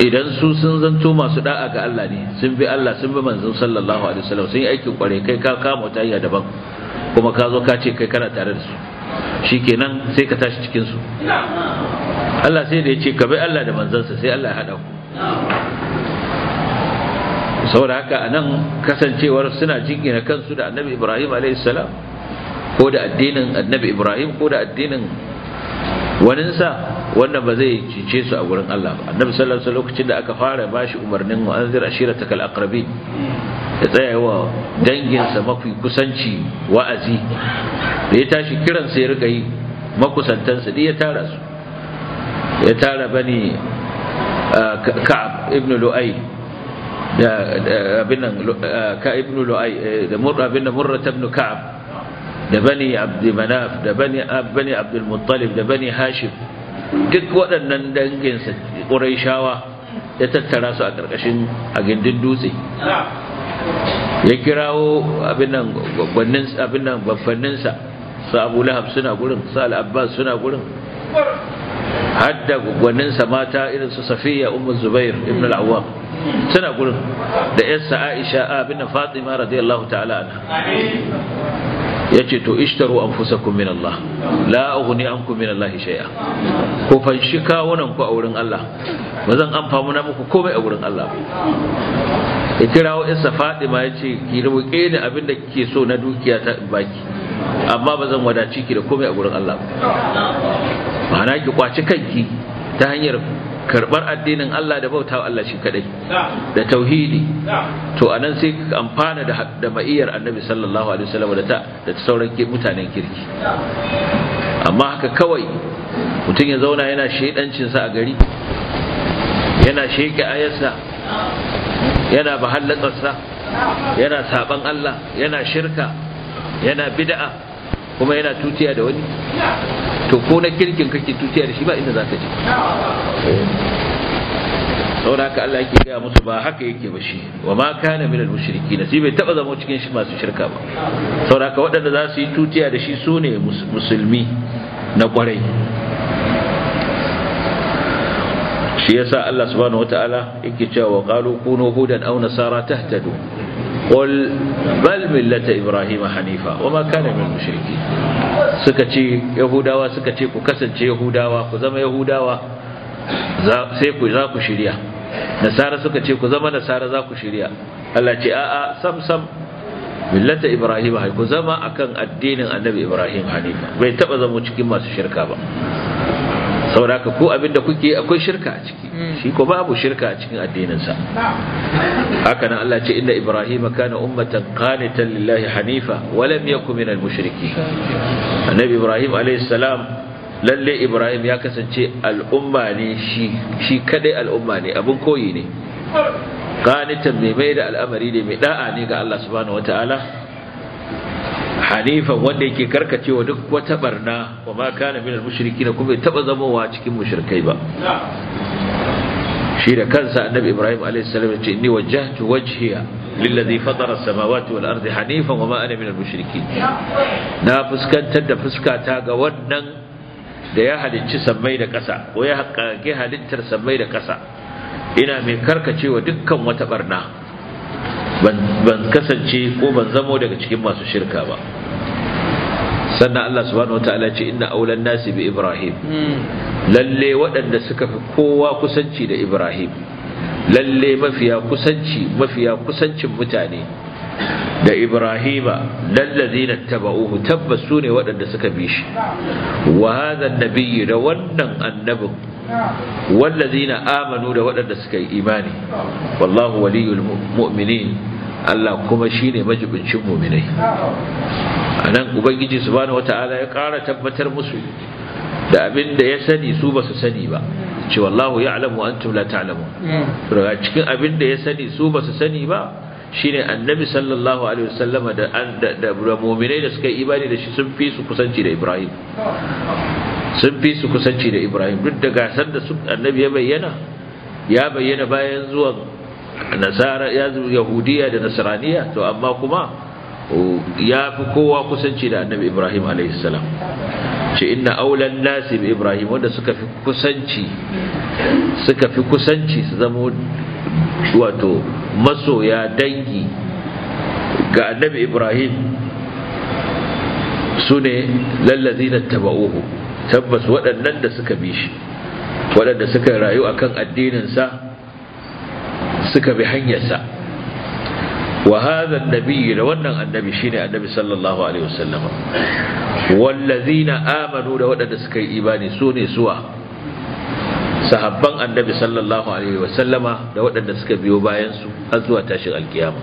idan su sun zanto masu da'a ga Allah ne sun bi Allah sun bi manzon sallallahu alaihi wasallam sun yi aikin kware kai ka kama wata hanya daban kuma ka zo ka ce kai kana tare da su shikenan sai ka tashi cikin su Allah sai da ya ce ka bi Allah da sa sai Allah ya hada ku saboda haka anan kasancewar suna jingina kansu da Annabi Ibrahim alaihi salam ko da addinin Annabi Ibrahim ko da addinin waninsa wannan ba zai cince su a gurin Allah ba annabi sallallahu alaihi lokacin da aka fara bashi umarnin anzir ashiratakal aqrabin wa tsayawa danginsa mafi kusanci wa'azi da ya tashi kiran sai rika yi makusantan da ya tara su ya tara bani ka'ab ibn lu'ay da abin nan ka ibn lu'ay eh, da murra bin murra ibn ka'ab da bani abd manaf da bani abd al-muttalib da bani hashim duk waɗannan danginsa shawa ya tattara su a ƙarƙashin a gindin dutse ya kirawo abin babbaninsa, su abu lahab suna gurin su al'abbas suna gurin hadda gwaninsa mata irin su safiya umar zubair ibn al'awwam suna gurin da yasa aisha abin fatima radiyallahu ta'ala ana Ya ce to ishtaru anfusakum min Allah la ughni ankum min Allah shay'a ko fanshi kawunan ku a wurin Allah ba zan muna muku komai a wurin Allah ya kirawo isa Fatima ce ki roke ni abin da kike so na dukiya ta baki amma ba zan wadaci ki da komai a wurin Allah ba ki kwaci kanki ta hanyar karbar addinin Allah da bautawa Allah shi kadai da tauhidi to anan sai amfana da da ma'iyar annabi sallallahu alaihi wasallam da ta da sauran mutanen kirki amma haka kawai mutum ya zauna yana shedancin sa a gari yana sheke ayarsa yana bahallatsa, yana saban Allah yana shirka yana bid'a kuma yana tutiya da wani to ko na kirkin kake tutiya da shi ba inda za ka je saboda haka Allah yake gaya musu ba haka yake ba shi wa ma kana minal mushrikin sai bai taba zama cikin shi masu shirka ba saboda haka waɗanda za su yi tutiya da shi su ne musulmi na kwarai shi yasa Allah subhanahu wataala yake cewa qalu kunu hudan aw nasara tahtadu qul bal millata ibrahima hanifa wa ma kana min suka ce yahudawa suka ce ku kasance yahudawa ku zama yahudawa sai ku za ku shirya nasara suka ce ku zama nasara za ku shirya Allah ce a'a sam sam millata ibrahima ku zama akan addinin annabi ibrahim hanifa bai taba zama cikin masu shirka ba saboda ka ko abin da kuke akwai shirka a ciki hmm. shi ko babu shirka a cikin addininsa haka nan Allah ce inna ibrahim kana ummatan qanitan lillahi hanifa wa lam yakun al mushrikeen annabi ibrahim alayhi salam lalle ibrahim ya kasance al'umma ne shi shi kadai al'umma ne abin koyi ne qanitan mai mai da al'amari ne mai da'a ne ga Allah subhanahu wataala hanifan wanda yake karkacewa duk wata barna wa ma kana minal na kuma taba zamowa cikin mushrikai ba shi da kansa annabi ibrahim alayhi salam ya ce inni wajjahtu wajhiya lillazi fatara as-samawati wal ardi hanifan wa ma ana minal mushriki na fuskantar da fuska ta ga wannan da ya halicci sammai da kasa ko ya halittar sammai da kasa ina mai karkacewa dukkan wata barna ban kasance ko ban zamo daga cikin masu shirka ba sannan Allah subhanahu wataala ce inna aulan nasi bi Ibrahim hmm. lalle waɗanda suka fi kowa kusanci da Ibrahim lalle mafiya kusanci mafiya kusancin mutane da Ibrahima lallazina taba'uhu tabbas sune waɗanda suka bi shi wa hadha da wannan annabin wallazina amanu da waɗanda suka yi imani wallahu waliyul mu'minin Allah kuma shine majibincin mu'minai anan ubangiji subhanahu wataala ya ƙara tabbatar musu da abin da ya sani su ba su sani ba ce wallahu ya'lamu antum la ta'lamun daga cikin abin da ya sani su ba su sani ba shine annabi sallallahu alaihi wasallama da da mu'minai da suka yi imani da shi sun fi su kusanci da Ibrahim sun fi su kusanci da ibrahim duk da gasar da annabi ya bayyana ya bayyana bayan zuwan nasara ya zuwa yahudiya da nasraniya to amma kuma ya fi kowa kusanci da annabi ibrahim alaihissalam ce inna aulan nasi ibrahim wanda suka fi kusanci suka fi kusanci su zama wato masoya dangi ga annabi ibrahim su ne lallazina taba'uhu tabbas waɗannan da suka bi shi waɗanda suka rayu akan addininsa suka bi hanyarsa wa hadha an da wannan annabi shi ne annabi sallallahu alaihi wasallam wallazina amanu da waɗanda suka yi imani su ne suwa sahabban annabi sallallahu alaihi wasallama da waɗanda suka biyo bayansu, su har zuwa tashin alkiyama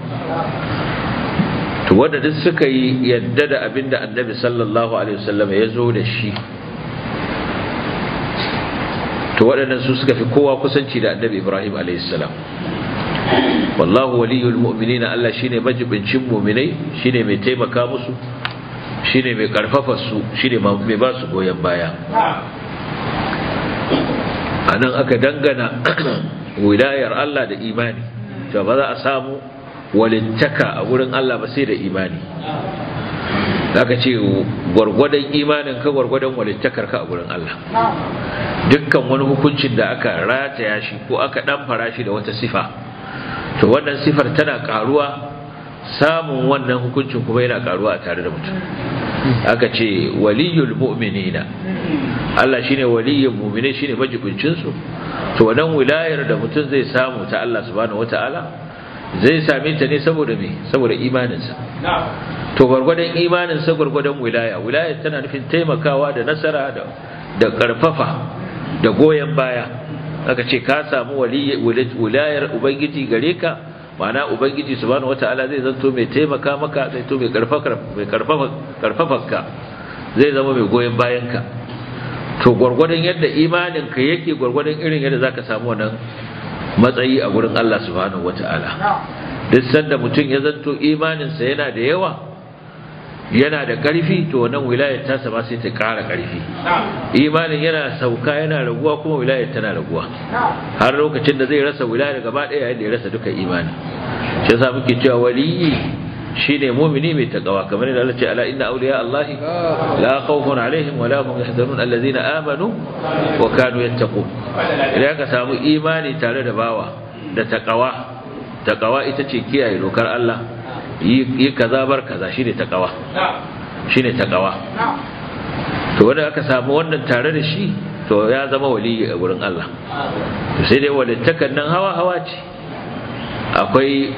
to waɗanda suka yi yadda da abinda annabi sallallahu alaihi wasallama ya zo da shi to waɗannan su suka fi kowa kusanci da annabi ibrahim alaihissalam wallahu waliyul na Allah shine majibincin mu'minai shine mai taimaka musu shine mai karfafa su shine mai ba su goyon baya nan aka dangana wilayar Allah da imani to ba za a samu walittaka a wurin Allah ba sai da imani zaka ce gwargwadon imanin ka gwargwadon walittakar ka a gurin Allah dukkan wani hukuncin da aka rataya shi ko aka ɗan shi da wata sifa to wannan sifar tana karuwa samun wannan hukuncin kuma yana karuwa a tare da mutum aka ce waliyul mu'minina Allah shine waliyul muminai shine majibincin su to wannan wilayar da mutum zai samu ta Allah subhanahu wataala zai same ta ne saboda me saboda imaninsa to gwargwadon imaninsa gwargwadon wilaya wilaya tana nufin taimakawa da nasara da karfafa da goyon baya aka ce ka samu wilayar ubangiji gare ka ma'ana ubangiji su wata wataala zai zanto mai taimaka maka zai to mai karfafanka ka zai zama mai goyon bayan ka to gwargwadon yadda imaninka yake gwargwadon irin yadda za ka samu wannan matsayi a gurin Allah subhanahu wata'ala duk sanda mutum ya zanto imaninsa yana da yawa yana da ƙarfi to wannan wilayar ta ba sai ta ƙara ƙarfi imanin yana sauka yana raguwa kuma wilayar tana raguwa har lokacin da zai rasa wilayar gaba ɗaya yayin da ya rasa duka imani shi yasa muke cewa waliyi shine mu'mini mai takawa kamar yadda Allah ce ala inna awliya Allah la khawfun alaihim wa la hum yahzanun alladhina amanu wa kanu yattaqun idan ka samu imani tare da bawa da takawa takawa ita ce kiyaye dokar Allah yi kaza bar kaza shine takawa shine takawa to wanda aka samu wannan tare da shi to ya zama wali a gurin Allah sai dai walittakan nan hawa hawa ce akwai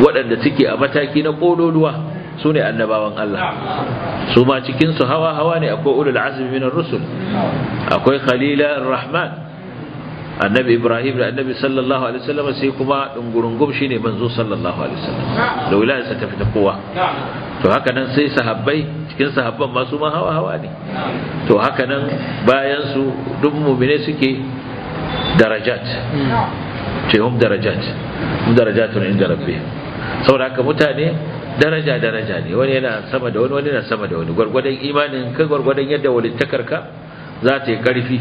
waɗanda suke a mataki na ƙololuwa su ne annabawan Allah su ma cikinsu hawa hawa ne akwai ulul azmi min rusul akwai khalila rahman annabi ibrahim da annabi sallallahu alaihi wasallam sai kuma dungurungum shine manzo sallallahu alaihi wasallam da tafi ta fita kowa to haka nan sai sahabbai cikin sahabban ma su ma hawa hawa ne to haka nan bayan su duk mu'mine suke darajat ce hum darajat hum darajatun inda rabbi saboda haka mutane daraja daraja ne wani yana sama da wani wani yana sama da wani gwargwadon imanin ka gwargwadon yadda walittakar ka za ta yi karfi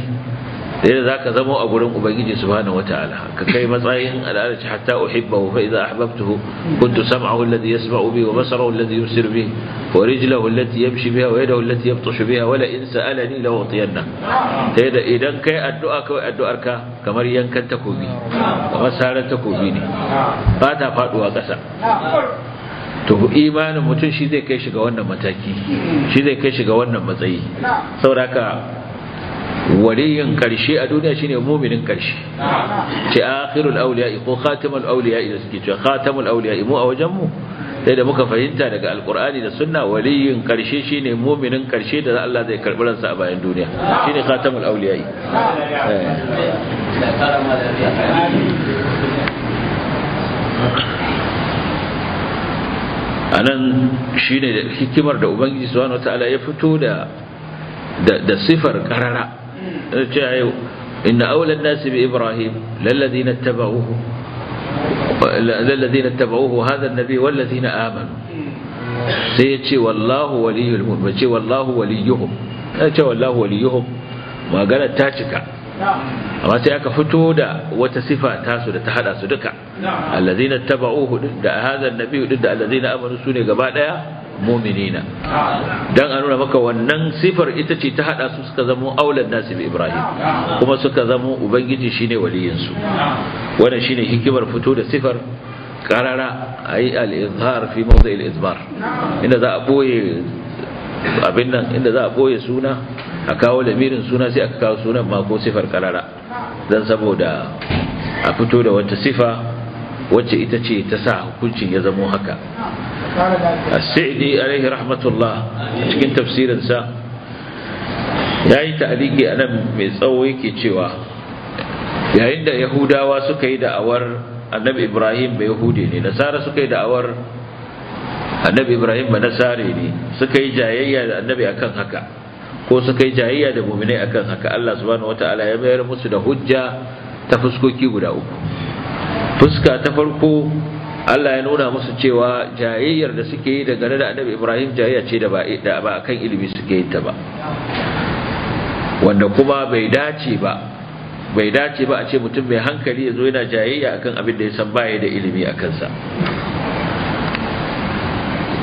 da za ka zama a gurin ubangiji subhanahu wataala ka kai matsayin al'adaci hatta uhibbahu fa ahbabtu hu kuntu sam'ahu alladhi yasma'u ubi wa basarahu alladhi yubsiru bihi wa rijlahu allati yamshi biha wa yadahu allati yabtashu biha wa la in sa'alani la utiyanna sai da idan kai addu'a kai addu'ar ka kamar yankan takobi kamar sarar takobi ne ba ta faduwa kasa to imanin mutum shi zai kai shi ga wannan mataki shi zai kai shi ga wannan matsayi saboda waliyin karshe a duniya shine muminin karshe ce akhirul awliya ko khatimul awliya idan suke cewa khatamul awliya mu a wajen mu sai da muka fahimta daga alqur'ani da sunna waliyin karshe shine muminin karshe da Allah zai karbi ransa a bayan duniya shine khatamul awliya eh. anan shine hikimar da ubangiji subhanahu wataala ya fito da da sifar qarara ارجعوا إن أولى الناس بإبراهيم للذين اتبعوه للذين اتبعوه هذا النبي والذين آمنوا سيجي والله ولي المؤمنين والله وليهم سيجي والله وليهم ما قال التاجكا ما سيأك فتودا وتسفا تاسودا تحدا سودكا نعم. الذين اتبعوه هذا النبي ضد الذين آمنوا سوني قبالا mu'minina dan a nuna maka wannan sifar ita ce ta hada su suka zama aulan nasu bi Ibrahim kuma suka zama ubangiji shine waliyinsu su wannan shine hikimar fito da sifar karara ayi al-izhar fi mawdi al-izbar inda za a boye abin nan inda za a boye suna a kawo lamirin suna sai aka kawo sunan ma ko sifar karara dan saboda a fito da wata sifa wacce ita ce ta sa hukuncin ya zamo haka as-sa'di rahmatulah rahmatullah cikin tafsirinsa yayi ta'liqi anan mai tsawo yake cewa yayin da yahudawa suka yi da'awar annabi ibrahim bai yahude ne nasara suka yi da'awar annabi ibrahim ba nasare ne suka yi jayayya da annabi akan haka ko suka yi jayayya da muminai akan haka allah subhanahu wataala ya mayar musu da hujja ta fuskoki guda uku fuska ta farko Allah ya nuna musu cewa jayayyar da suke yi daga da annabi Ibrahim jayayya ce da ba da ba kan ilimi suke yin ta ba wanda kuma bai dace ba bai dace ba a ce mutum mai hankali ya zo yana jayayya akan abin da ya san baya da ilimi a kansa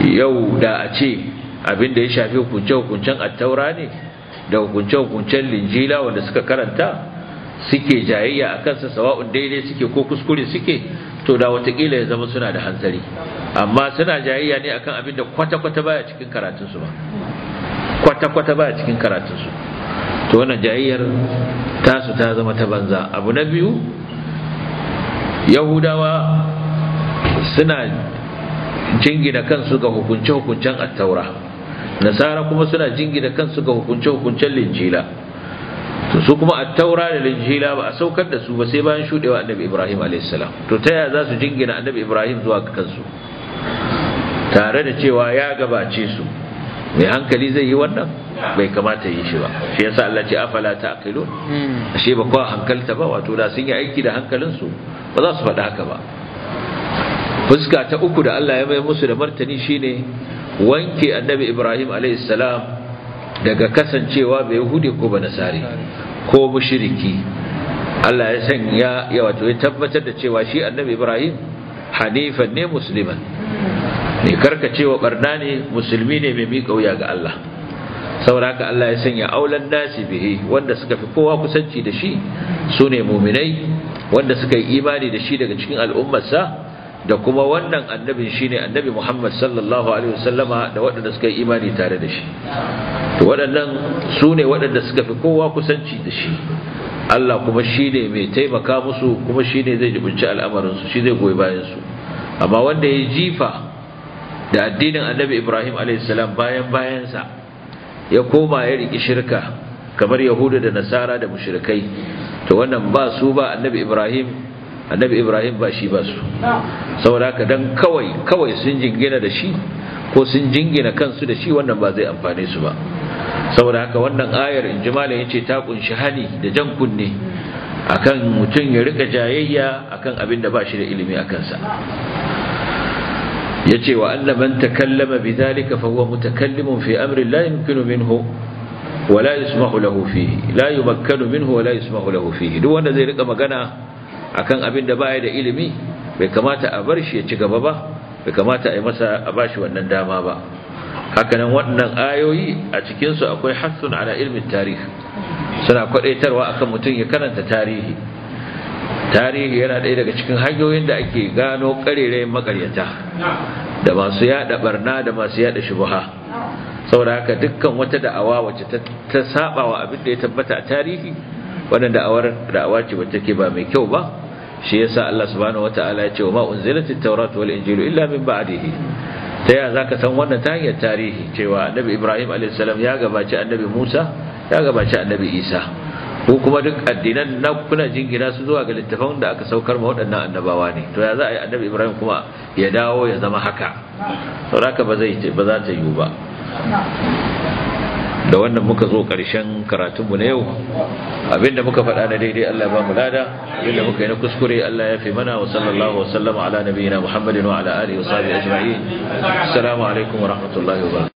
yau da a ce abin da ya shafi hukunce-hukuncen attaura ne da hukunce-hukuncen linjila wanda suka karanta suke jayayya a kansa sawa'un daidai suke ko kuskure suke to da watakila ya zama suna da hanzari amma suna jayayya ne akan abin da kwata-kwata baya cikin karatunsu ba kwata-kwata baya cikin karatunsu to wannan jayayyar tasu ta zama ta banza abu na biyu yahudawa suna jingina kansu ga hukunce-hukuncen attaura nasara kuma suna jingina kansu ga hukunce-hukuncen linjila to su kuma at-taura da linjila ba a saukar da su ba sai bayan shudewa annabi ibrahim alaihissalam to ta yaya za su jingina annabi ibrahim zuwa kansu tare da cewa ya gabace su mai hankali zai yi wannan bai kamata yi shi ba shi yasa Allah ce afala taqilu hmm. ashe ba kwa hankalta ba wato da sun yi aiki da hankalinsu ba za su faɗa haka ba fuska ta uku da Allah ya mai musu da martani shine wanke annabi ibrahim alaihissalam daga kasancewa bai hude ko ba nasari ko mushriki Allah ya sanya ya wato ya tabbatar da cewa shi annabi Ibrahim hanifan ne musliman ne karkacewa barna ne musulmi ne mai mika wuya ga Allah sauraka Allah ya sanya aulan nasi bihi wanda suka fi kowa kusanci da shi sune muminai wanda suka yi imani da shi daga cikin al'ummarsa da kuma wannan annabin shine annabi Muhammad sallallahu alaihi wasallama da waɗanda suka yi imani tare da shi to waɗannan su ne waɗanda suka fi kowa kusanci da shi Allah kuma shine mai taimaka musu kuma shine zai jibinci al'amarin shi zai goyi bayan amma wanda ya jifa da addinin annabi Ibrahim bayan bayansa ya koma ya riki shirka kamar yahuda da nasara da mushrikai to wannan ba su ba annabi Ibrahim annabi ibrahim ba shi ba su saboda haka dan kawai kawai sun jingina da shi ko sun jingina kansu da shi wannan ba zai amfane su ba saboda haka wannan ayar in ji malam yace ta kunshi hani da jan kunne akan mutum ya rika jayayya akan abin da ba shi da ilimi a kansa yace wa Allaban man takallama zalika fa huwa mutakallimun fi amri la yumkinu minhu wa la yusmahu lahu fihi la yumakkanu minhu wa la yusmahu lahu fihi duk wanda zai rika magana akan abin da baya da ilimi bai kamata a bar shi ya ci gaba ba bai kamata a yi masa a ba shi wannan dama ba hakanan waɗannan ayoyi a cikinsu akwai hassun ala ilmin tarihi suna kwadaitarwa akan mutum ya karanta tarihi tarihi yana ɗaya daga cikin hanyoyin da ake gano ƙarerayen makaryata da masu yada barna da masu yada shubuha saboda haka dukkan wata da'awa wacce ta saɓa wa abin da ya tabbata a tarihi wannan da'awar da'awa ce wacce take ba mai kyau ba shi yasa Allah subhanahu wata'ala ya ce wa ma unzilatit tawrat wal injilu illa min ba'dihi ta ya zaka san wannan ta hanyar tarihi cewa annabi Ibrahim alayhi salam ya gabaci annabi Musa ya gabaci annabi Isa ko kuma duk addinan na kuna jingina su zuwa ga littafan da aka saukar ma waɗannan annabawa ne to ya za a yi annabi Ibrahim kuma ya dawo ya zama haka saboda ba zai ba za ta yiwu ba da wannan muka zo karshen karatunmu na yau abinda muka faɗa na daidai Allah ya ba mu lada abinda muka yi na kuskure Allah ya fi mana wa sallallahu wa sallama ala nabiyina Muhammadin wa ala alihi wa sahbihi ajma'in assalamu alaikum wa rahmatullahi wa barakatuh